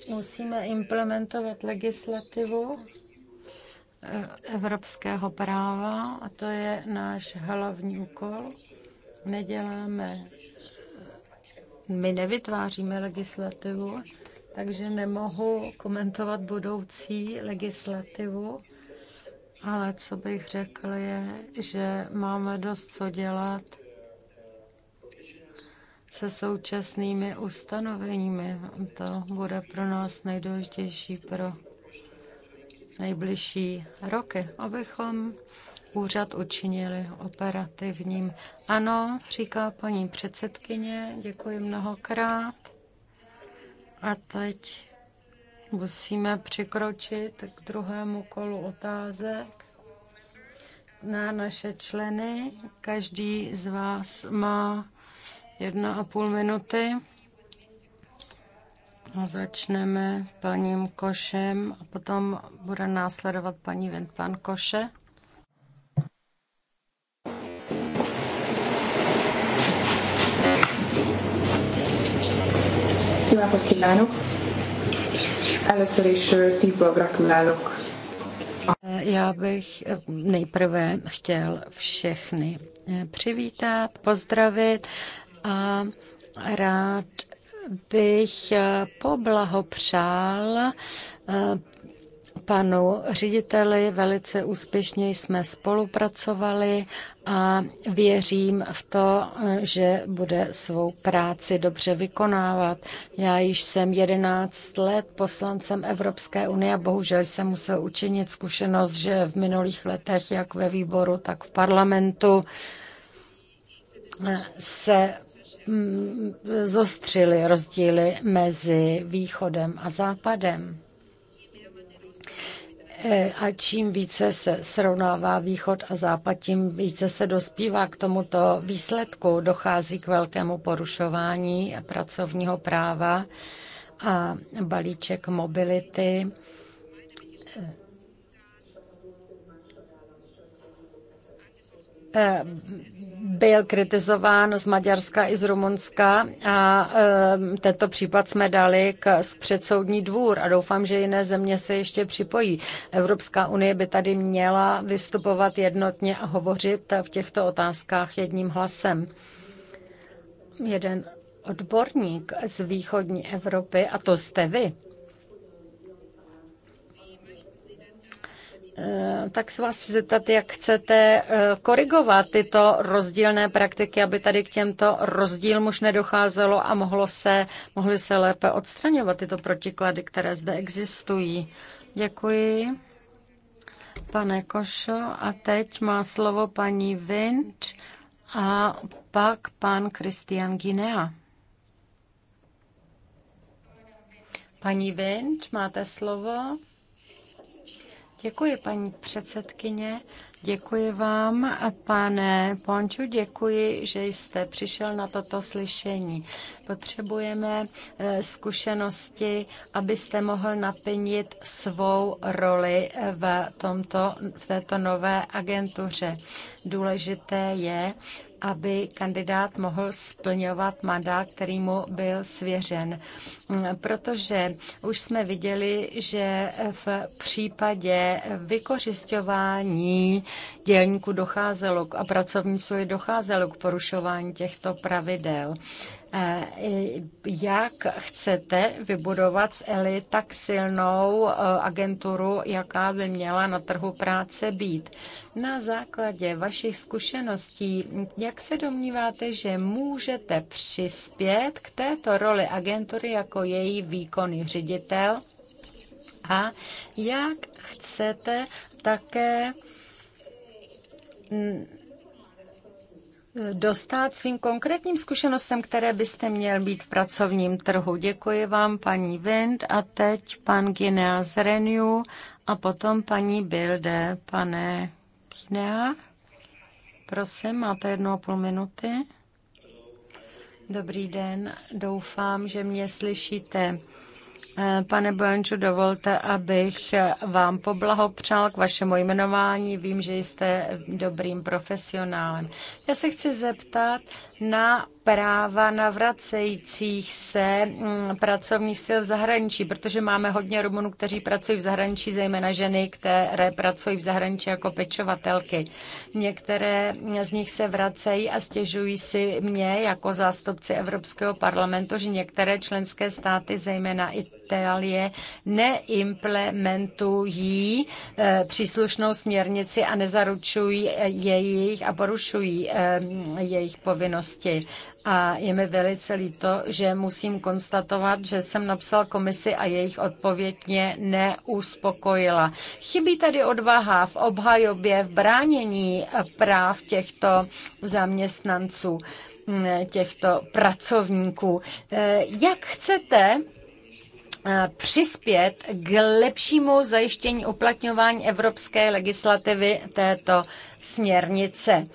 Musíme implementovat legislativu eh, evropského práva a to je náš hlavní úkol. Neděláme, my nevytváříme legislativu, takže nemohu komentovat budoucí legislativu, ale co bych řekl je, že máme dost co dělat se současnými ustanoveními. To bude pro nás nejdůležitější pro nejbližší roky, abychom úřad učinili operativním. Ano, říká paní předsedkyně, děkuji mnohokrát. A teď musíme přikročit k druhému kolu otázek na naše členy. Každý z vás má jedna a půl minuty. A začneme paním Košem a potom bude následovat paní Vintpan Koše. napot kívánok! Először is szívből gratulálok. Já bych nejprve chtěl všechny eh, přivítat, pozdravit a rád bych eh, poblahopřál eh, panu řediteli, velice úspěšně jsme spolupracovali a věřím v to, že bude svou práci dobře vykonávat. Já již jsem 11 let poslancem Evropské unie a bohužel jsem musel učinit zkušenost, že v minulých letech, jak ve výboru, tak v parlamentu, se mm, zostřily rozdíly mezi východem a západem. E, a čím více se srovnává východ a západ, tím více se dospívá k tomuto výsledku. Dochází k velkému porušování pracovního práva a balíček mobility e, Eh, byl kritizován z Maďarska i z Rumunska a eh, tento případ jsme dali k předsoudní dvůr a doufám, že jiné země se ještě připojí. Evropská unie by tady měla vystupovat jednotně a hovořit v těchto otázkách jedním hlasem. Jeden odborník z východní Evropy, a to jste vy, Eh, tak se vás zeptat, jak chcete eh, korigovat tyto rozdílné praktiky, aby tady k těmto rozdílům už nedocházelo a mohlo se, mohly se lépe odstraňovat tyto protiklady, které zde existují. Děkuji. Pane Košo, a teď má slovo paní Vint a pak pan Kristian Guinea. Paní Vint, máte slovo. Děkuji, paní předsedkyně. Děkuji vám, a pane Ponču, děkuji, že jste přišel na toto slyšení. Potřebujeme eh, zkušenosti, abyste mohl naplnit svou roli v, tomto, v této nové agentuře. Důležité je, aby kandidát mohl splňovat mandát, který mu byl svěřen. Protože už jsme viděli, že v případě vykořišťování dělníků docházelo a pracovníců je docházelo k porušování těchto pravidel. Eh, jak chcete vybudovat z ELI tak silnou eh, agenturu, jaká by měla na trhu práce být? Na základě vašich zkušeností, jak se domníváte, že můžete přispět k této roli agentury jako její výkonný ředitel? A jak chcete také mm, dostat svým konkrétním zkušenostem, které byste měl být v pracovním trhu. Děkuji vám, paní Wind, a teď pan Ginea Zreniu a potom paní Bilde. Pane Ginea, prosím, máte jednu a půl minuty. Dobrý den, doufám, že mě slyšíte. Eh, pane Bojanču, dovolte, abych eh, vám poblahopřál k vašemu jmenování. Vím, že jste dobrým profesionálem. Já se chci zeptat, na práva navracejících se mm, pracovních sil v zahraničí, protože máme hodně Rumunů, kteří pracují v zahraničí, zejména ženy, které pracují v zahraničí jako pečovatelky. Některé z nich se vracejí a stěžují si mě jako zástupci Evropského parlamentu, že některé členské státy, zejména Itálie, neimplementují eh, příslušnou směrnici a nezaručují eh, jejich a porušují eh, jejich povinnosti minulosti a je mi velice líto, že musím konstatovat, že jsem napsal komisi a jejich odpověď mě neuspokojila. Chybí tady odvaha v obhajobě, v bránění práv těchto zaměstnanců, mm, těchto pracovníků. Eh, jak chcete eh, přispět k lepšímu zajištění uplatňování evropské legislativy této směrnice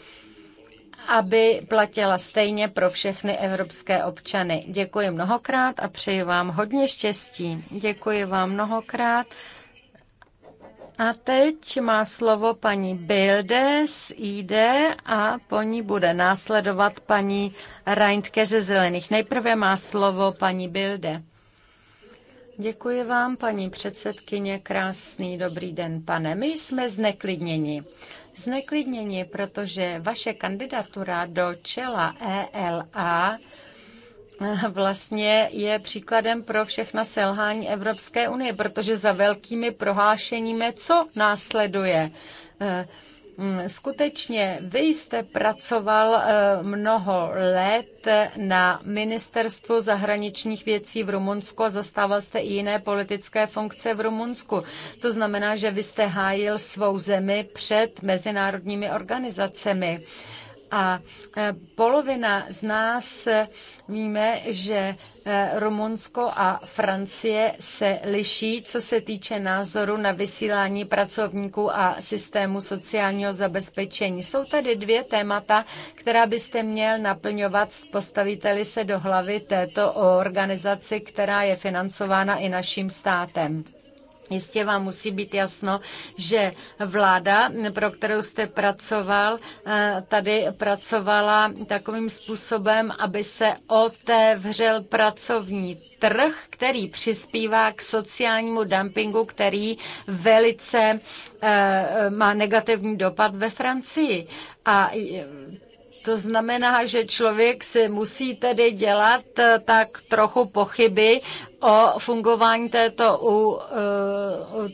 aby platila stejně pro všechny evropské občany. Děkuji mnohokrát a přeji vám hodně štěstí. Děkuji vám mnohokrát. A teď má slovo paní Bilde z ID a po ní bude následovat paní Reintke ze Zelených. Nejprve má slovo paní Bilde. Děkuji vám, paní předsedkyně, krásný dobrý den, pane. My jsme zneklidněni zneklidněni, protože vaše kandidatura do čela ELA eh, vlastně je příkladem pro všechna selhání Evropské unie, protože za velkými prohlášeními co následuje? Eh, Mm, skutečně, vy jste pracoval eh, mnoho let na ministerstvu zahraničních věcí v Rumunsku a zastával jste i jiné politické funkce v Rumunsku. To znamená, že vy jste hájil svou zemi před mezinárodními organizacemi. A e, polovina z nás e, víme, že e, Rumunsko a Francie se liší, co se týče názoru na vysílání pracovníků a systému sociálního zabezpečení. Jsou tady dvě témata, která byste měl naplňovat, postaviteli se do hlavy této organizaci, která je financována i naším státem. Jistě vám musí být jasno, že vláda, pro kterou jste pracoval, eh, tady pracovala takovým způsobem, aby se otevřel pracovní trh, který přispívá k sociálnímu dumpingu, který velice eh, má negativní dopad ve Francii. A eh, to znamená, že člověk si musí tedy dělat tak trochu pochyby o fungování této, u,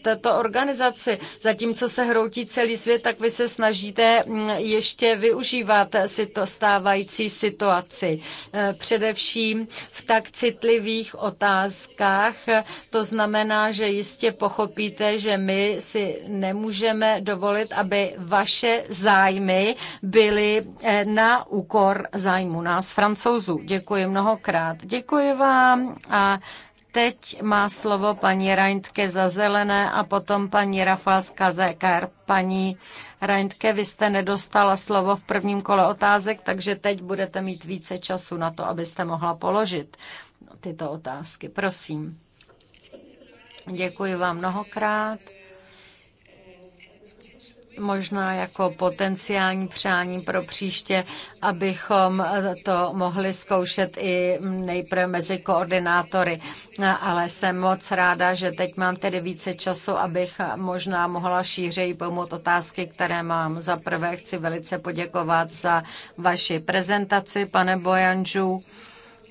této organizaci. Zatímco se hroutí celý svět, tak vy se snažíte mm, ještě využívat si to stávající situaci. E, především v tak citlivých otázkách. To znamená, že jistě pochopíte, že my si nemůžeme dovolit, aby vaše zájmy byly e, na úkor zájmu nás, francouzů. Děkuji mnohokrát. Děkuji vám a Teď má slovo paní Reintke za zelené a potom paní Rafalska za EKR. Paní Reintke, vy jste nedostala slovo v prvním kole otázek, takže teď budete mít více času na to, abyste mohla položit tyto otázky. Prosím. Děkuji vám mnohokrát možná jako potenciální přání pro příště, abychom to mohli zkoušet i nejprve mezi koordinátory. Ale jsem moc ráda, že teď mám tedy více času, abych možná mohla šířeji pomoct otázky, které mám. Za prvé chci velice poděkovat za vaši prezentaci, pane Bojanžu.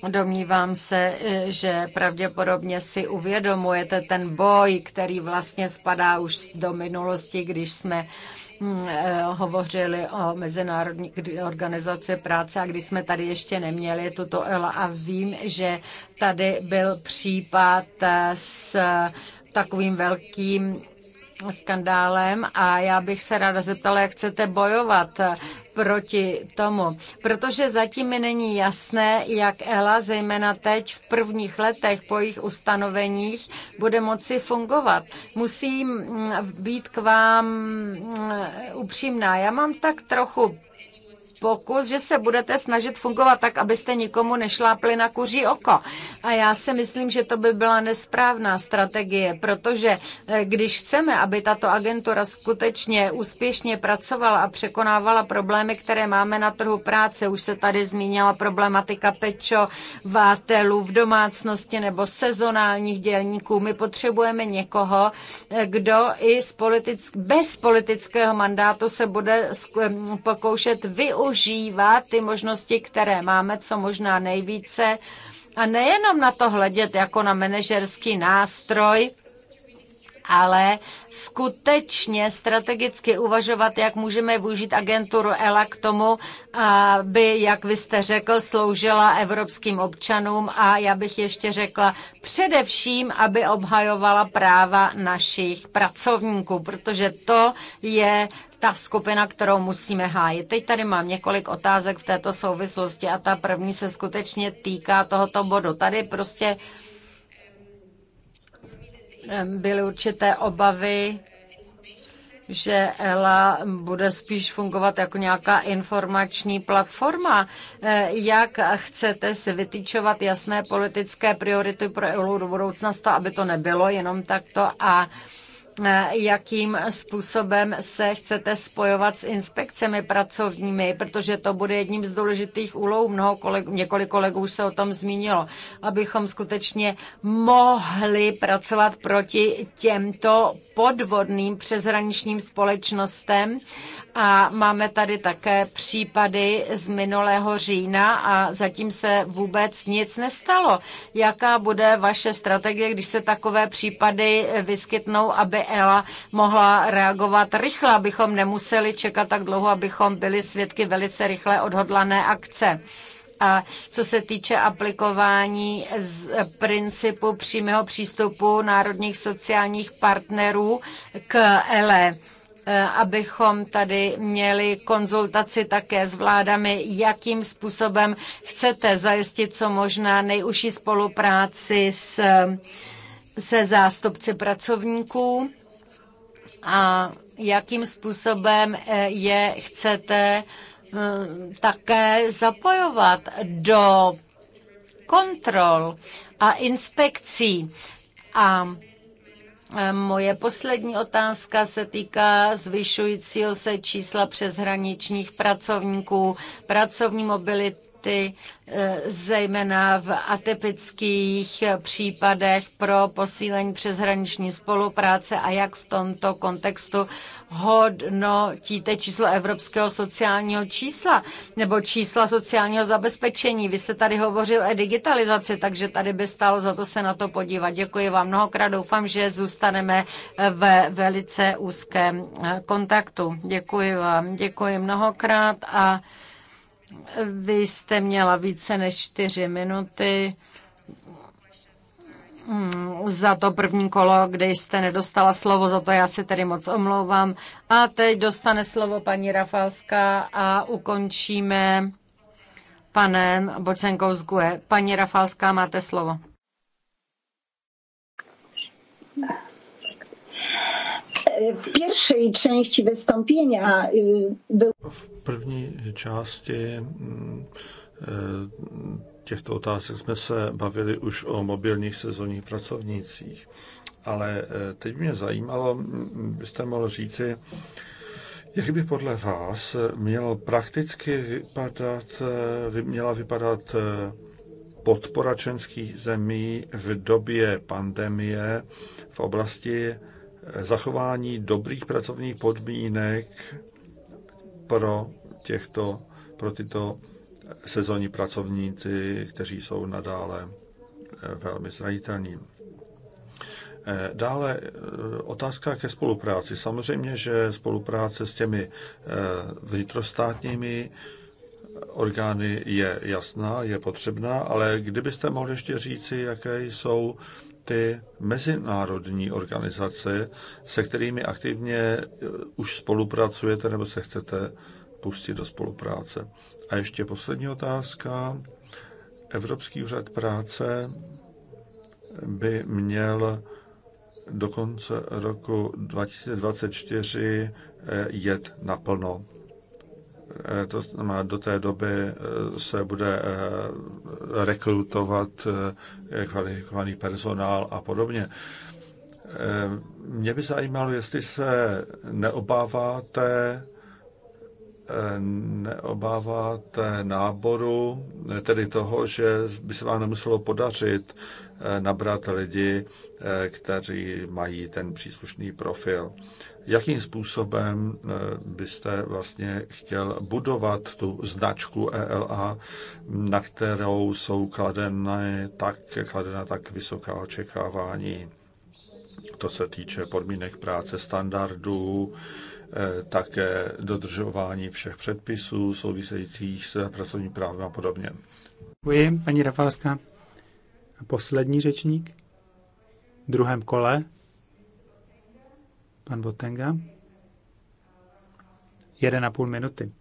Domnívám se, eh, že pravděpodobně si uvědomujete ten boj, který vlastně spadá už do minulosti, když jsme hm, eh, hovořili o Mezinárodní organizaci práce a když jsme tady ještě neměli tuto ELA a vím, že tady byl případ eh, s takovým velkým skandálem a já bych se ráda zeptala, jak chcete bojovat proti tomu, protože zatím mi není jasné, jak ELA, zejména teď v prvních letech po jejich ustanoveních, bude moci fungovat. Musím mm, být k vám mm, upřímná. Já mám tak trochu pokus, že se budete snažit fungovat tak, abyste nikomu nešlápli na kuří oko. A já si myslím, že to by byla nesprávná strategie, protože eh, když chceme, aby tato agentura skutečně úspěšně pracovala a překonávala problémy, které máme na trhu práce, už se tady zmínila problematika pečo, vátelů v domácnosti nebo sezonálních dělníků, my potřebujeme někoho, eh, kdo i z politick- bez politického mandátu se bude eh, pokoušet využívat ty možnosti, které máme, co možná nejvíce a nejenom na to hledět jako na manažerský nástroj, ale skutečně strategicky uvažovat, jak můžeme využít agenturu ELA k tomu, aby, jak vy jste řekl, sloužila evropským občanům a já bych ještě řekla především, aby obhajovala práva našich pracovníků, protože to je ta skupina, kterou musíme hájit. Teď tady mám několik otázek v této souvislosti a ta první se skutečně týká tohoto bodu. Tady prostě byly určité obavy, že ELA bude spíš fungovat jako nějaká informační platforma. Eh, jak chcete si vytýčovat jasné politické priority pro ELU do budoucnosti, aby to nebylo jenom takto a Eh, jakým způsobem se chcete spojovat s inspekcemi pracovními, protože to bude jedním z důležitých úlohů. Mnoho kolegů, několik kolegů už se o tom zmínilo, abychom skutečně mohli pracovat proti těmto podvodným přeshraničním společnostem a máme tady také případy z minulého října a zatím se vůbec nic nestalo. Jaká bude vaše strategie, když se takové případy vyskytnou, aby ELA mohla reagovat rychle, abychom nemuseli čekat tak dlouho, abychom byli svědky velice rychle odhodlané akce? A co se týče aplikování z principu přímého přístupu národních sociálních partnerů k ELE, Eh, abychom tady měli konzultaci také s vládami, jakým způsobem chcete zajistit co možná nejužší spolupráci s, se zástupci pracovníků a jakým způsobem eh, je chcete eh, také zapojovat do kontrol a inspekcí. A Moje poslední otázka se týká zvyšujícího se čísla přeshraničních pracovníků, pracovní mobility, e, zejména v atypických případech pro posílení přeshraniční spolupráce a jak v tomto kontextu hodnotíte číslo evropského sociálního čísla nebo čísla sociálního zabezpečení. Vy jste tady hovořil o digitalizaci, takže tady by stálo za to se na to podívat. Děkuji vám mnohokrát. Doufám, že zůstaneme ve velice úzkém eh, kontaktu. Děkuji vám. Děkuji mnohokrát a vy jste měla více než čtyři minuty za to první kolo, kde jste nedostala slovo, za to já se tedy moc omlouvám. A teď dostane slovo paní Rafalská a ukončíme panem Bocenkou z GUE. Paní Rafalská, máte slovo. V první části vystoupení byl V první části těchto otázek jsme se bavili už o mobilních sezónních pracovnících. Ale e, teď mě zajímalo, byste mohl říci, jak by podle vás mělo prakticky vypadat, e, měla vypadat e, podpora členských zemí v době pandemie v oblasti zachování dobrých pracovních podmínek pro těchto pro tyto sezónní pracovníci, kteří jsou nadále eh, velmi zranitelní. Eh, dále eh, otázka ke spolupráci. Samozřejmě, že spolupráce s těmi vnitrostátními orgány je jasná, je potřebná, ale kdybyste mohli ještě říci, jaké jsou ty mezinárodní organizace, se kterými aktivně už spolupracujete nebo se chcete pustit do spolupráce. A ještě poslední otázka. Evropský úřad práce by měl do konce roku 2024 eh, jet naplno. Eh, to znamená, do té doby eh, se bude rekrutovat kvalifikovaný personál a podobně. Mě by zajímalo, jestli se neobáváte neobáváte náboru, tedy toho, že by se vám nemuselo podařit eh, nabrat lidi, eh, kteří mají ten příslušný profil. Jakým způsobem eh, byste vlastně chtěl budovat tu značku ELA, na kterou jsou kladeny tak, kladena tak vysoká očekávání? To se týče podmínek práce, standardů, Eh, také dodržování všech předpisů souvisejících s pracovním právem a podobně. Děkuji, paní Rafalská. A poslední řečník v druhém kole, pan Botenga. Jeden a půl minuty.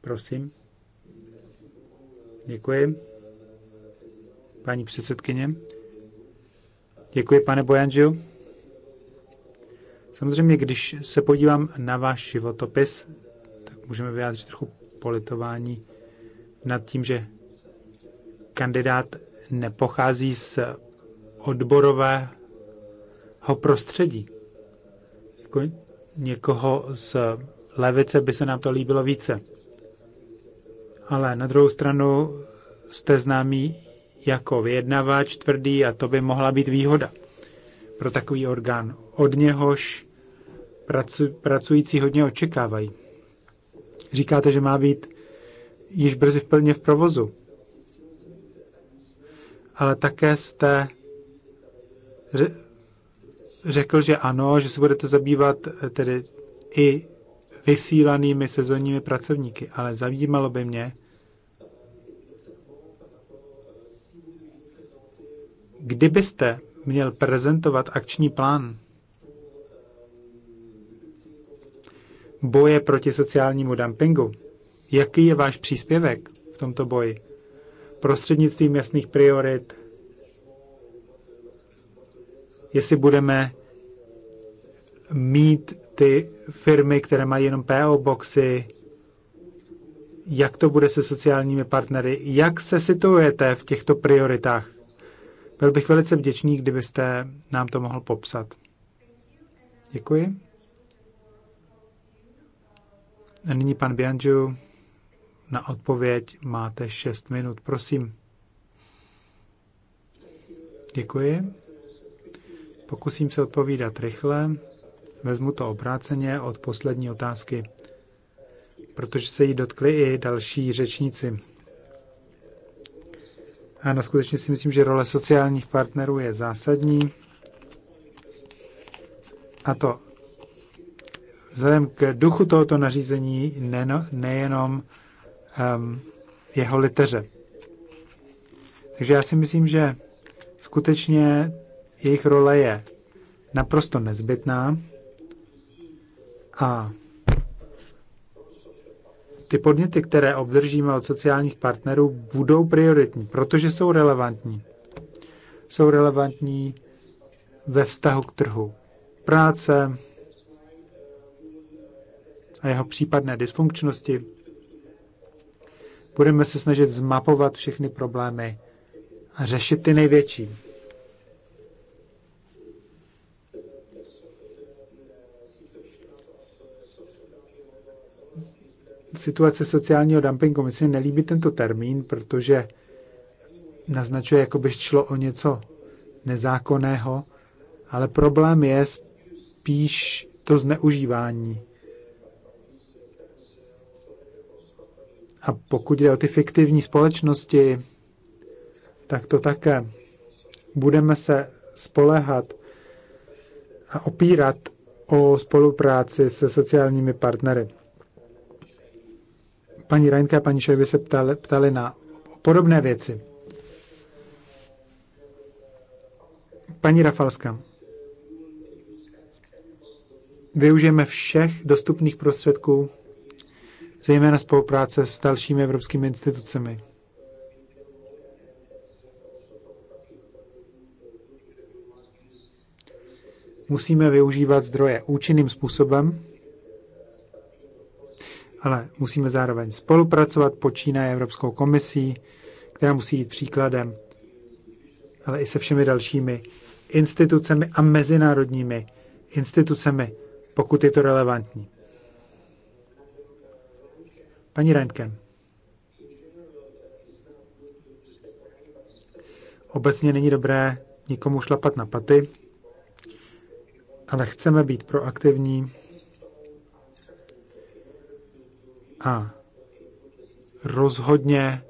Prosím. Děkuji. Paní předsedkyně. Děkuji, pane Bojanžiu. Samozřejmě, když se podívám na váš životopis, tak můžeme vyjádřit trochu politování nad tím, že kandidát nepochází z odborového prostředí. Jako někoho z levice by se nám to líbilo více. Ale na druhou stranu jste známý jako vyjednavač tvrdý a to by mohla být výhoda pro takový orgán. Od něhož pracu, pracující hodně očekávají. Říkáte, že má být již brzy v plně v provozu. Ale také jste řekl, že ano, že se budete zabývat tedy i vysílanými sezónními pracovníky, ale zajímalo by mě, kdybyste měl prezentovat akční plán boje proti sociálnímu dumpingu. Jaký je váš příspěvek v tomto boji? Prostřednictvím jasných priorit, jestli budeme mít ty firmy, které mají jenom PO boxy, jak to bude se sociálními partnery, jak se situujete v těchto prioritách. Byl bych velice vděčný, kdybyste nám to mohl popsat. Děkuji. Nyní pan Bianju, na odpověď máte 6 minut, prosím. Děkuji. Pokusím se odpovídat rychle. Vezmu to obráceně od poslední otázky, protože se jí dotkli i další řečníci. Ano, skutečně si myslím, že role sociálních partnerů je zásadní. A to vzhledem k duchu tohoto nařízení, ne, nejenom um, jeho liteře. Takže já si myslím, že skutečně jejich role je naprosto nezbytná a ty podněty, které obdržíme od sociálních partnerů, budou prioritní, protože jsou relevantní. Jsou relevantní ve vztahu k trhu práce, a jeho případné dysfunkčnosti. Budeme se snažit zmapovat všechny problémy a řešit ty největší. Situace sociálního dumpingu, mi se nelíbí tento termín, protože naznačuje, jako by šlo o něco nezákonného, ale problém je spíš to zneužívání A pokud jde o ty fiktivní společnosti, tak to také budeme se spolehat a opírat o spolupráci se sociálními partnery. Paní Rajnka a paní Šojby se ptali, ptali na podobné věci. Paní Rafalská, využijeme všech dostupných prostředků zejména spolupráce s dalšími evropskými institucemi. Musíme využívat zdroje účinným způsobem, ale musíme zároveň spolupracovat, počínaje Evropskou komisí, která musí jít příkladem, ale i se všemi dalšími institucemi a mezinárodními institucemi, pokud je to relevantní. Paní Reintgen. Obecně není dobré nikomu šlapat na paty, ale chceme být proaktivní a rozhodně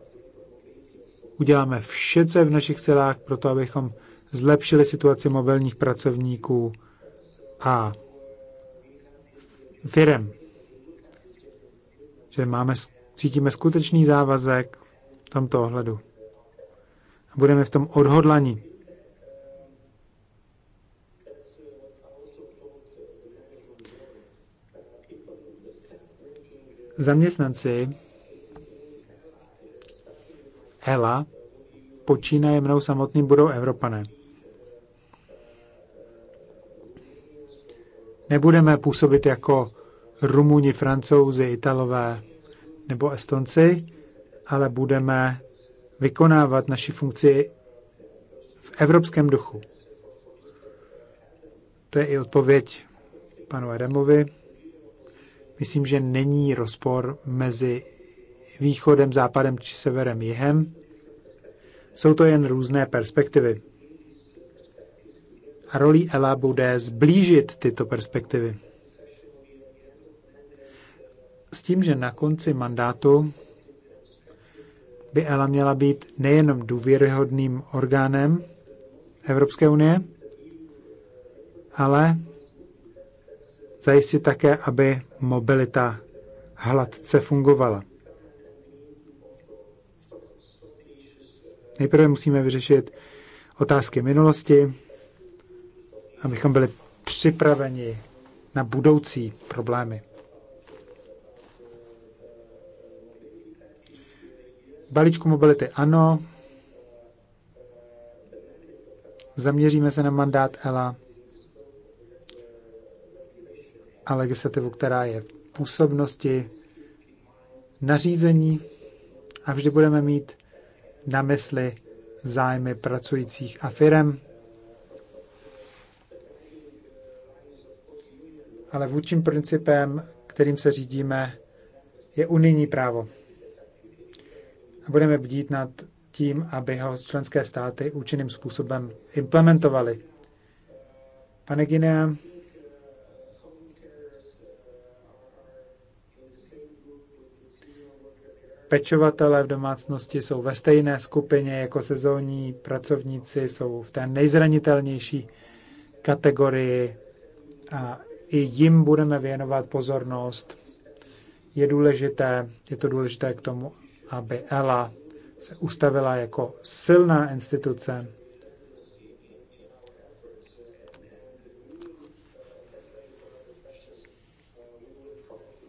uděláme vše, co je v našich silách, proto abychom zlepšili situaci mobilních pracovníků a firem že máme, cítíme skutečný závazek v tomto ohledu. A budeme v tom odhodlaní. Zaměstnanci Hela počínaje mnou samotným budou Evropané. Nebudeme působit jako Rumuni, Francouzi, Italové nebo Estonci, ale budeme vykonávat naši funkci v evropském duchu. To je i odpověď panu Adamovi. Myslím, že není rozpor mezi východem, západem či severem, jihem. Jsou to jen různé perspektivy. A rolí Ela bude zblížit tyto perspektivy s tím, že na konci mandátu by ELA měla být nejenom důvěryhodným orgánem Evropské unie, ale zajistit také, aby mobilita hladce fungovala. Nejprve musíme vyřešit otázky minulosti, abychom byli připraveni na budoucí problémy. Balíčku mobility ano. Zaměříme se na mandát ELA a legislativu, která je v působnosti nařízení a vždy budeme mít na mysli zájmy pracujících a firem. Ale vůčím principem, kterým se řídíme, je unijní právo budeme bdít nad tím, aby ho členské státy účinným způsobem implementovaly. Pane Guinea, pečovatelé v domácnosti jsou ve stejné skupině jako sezónní pracovníci, jsou v té nejzranitelnější kategorii a i jim budeme věnovat pozornost. Je důležité, je to důležité k tomu, aby ELA se ustavila jako silná instituce,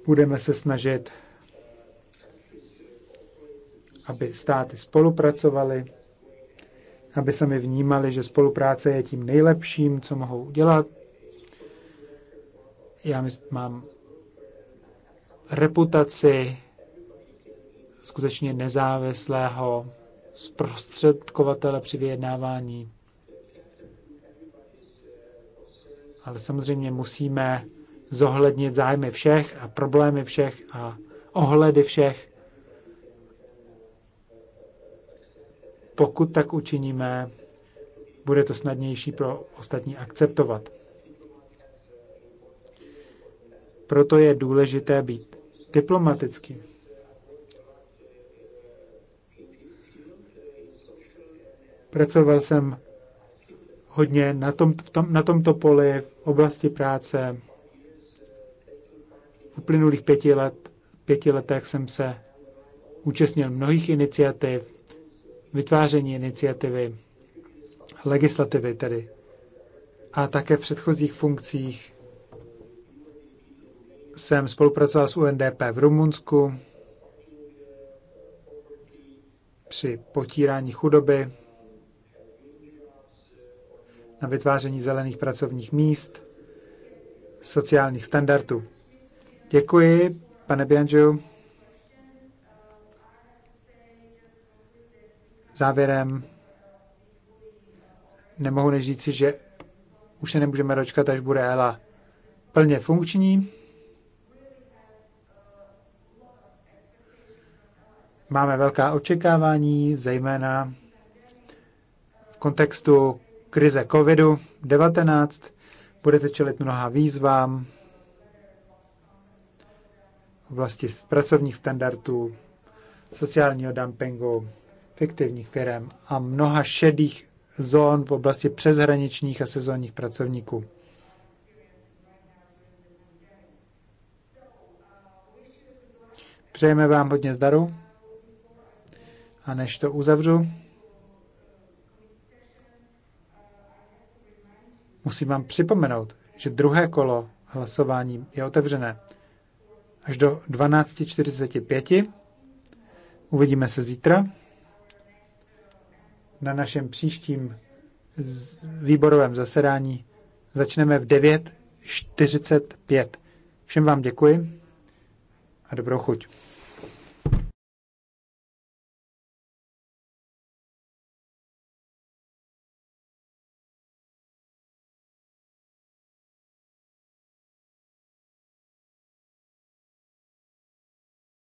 budeme se snažit, aby státy spolupracovaly, aby sami vnímali, že spolupráce je tím nejlepším, co mohou udělat. Já mám reputaci skutečně nezávislého zprostředkovatele při vyjednávání. Ale samozřejmě musíme zohlednit zájmy všech a problémy všech a ohledy všech. Pokud tak učiníme, bude to snadnější pro ostatní akceptovat. Proto je důležité být diplomaticky. Pracoval jsem hodně na, tom, v tom, na tomto poli, v oblasti práce. V uplynulých pěti, let, pěti letech jsem se účastnil mnohých iniciativ, vytváření iniciativy, legislativy tedy, a také v předchozích funkcích jsem spolupracoval s UNDP v Rumunsku při potírání chudoby na vytváření zelených pracovních míst, sociálních standardů. Děkuji, pane Bianjo. Závěrem nemohu než říci, že už se nemůžeme dočkat, až bude ELA plně funkční. Máme velká očekávání, zejména v kontextu krize COVID-19, budete čelit mnoha výzvám v oblasti pracovních standardů, sociálního dumpingu, fiktivních firm a mnoha šedých zón v oblasti přeshraničních a sezónních pracovníků. Přejeme vám hodně zdaru a než to uzavřu, Musím vám připomenout, že druhé kolo hlasování je otevřené až do 12.45. Uvidíme se zítra na našem příštím výborovém zasedání. Začneme v 9.45. Všem vám děkuji a dobrou chuť.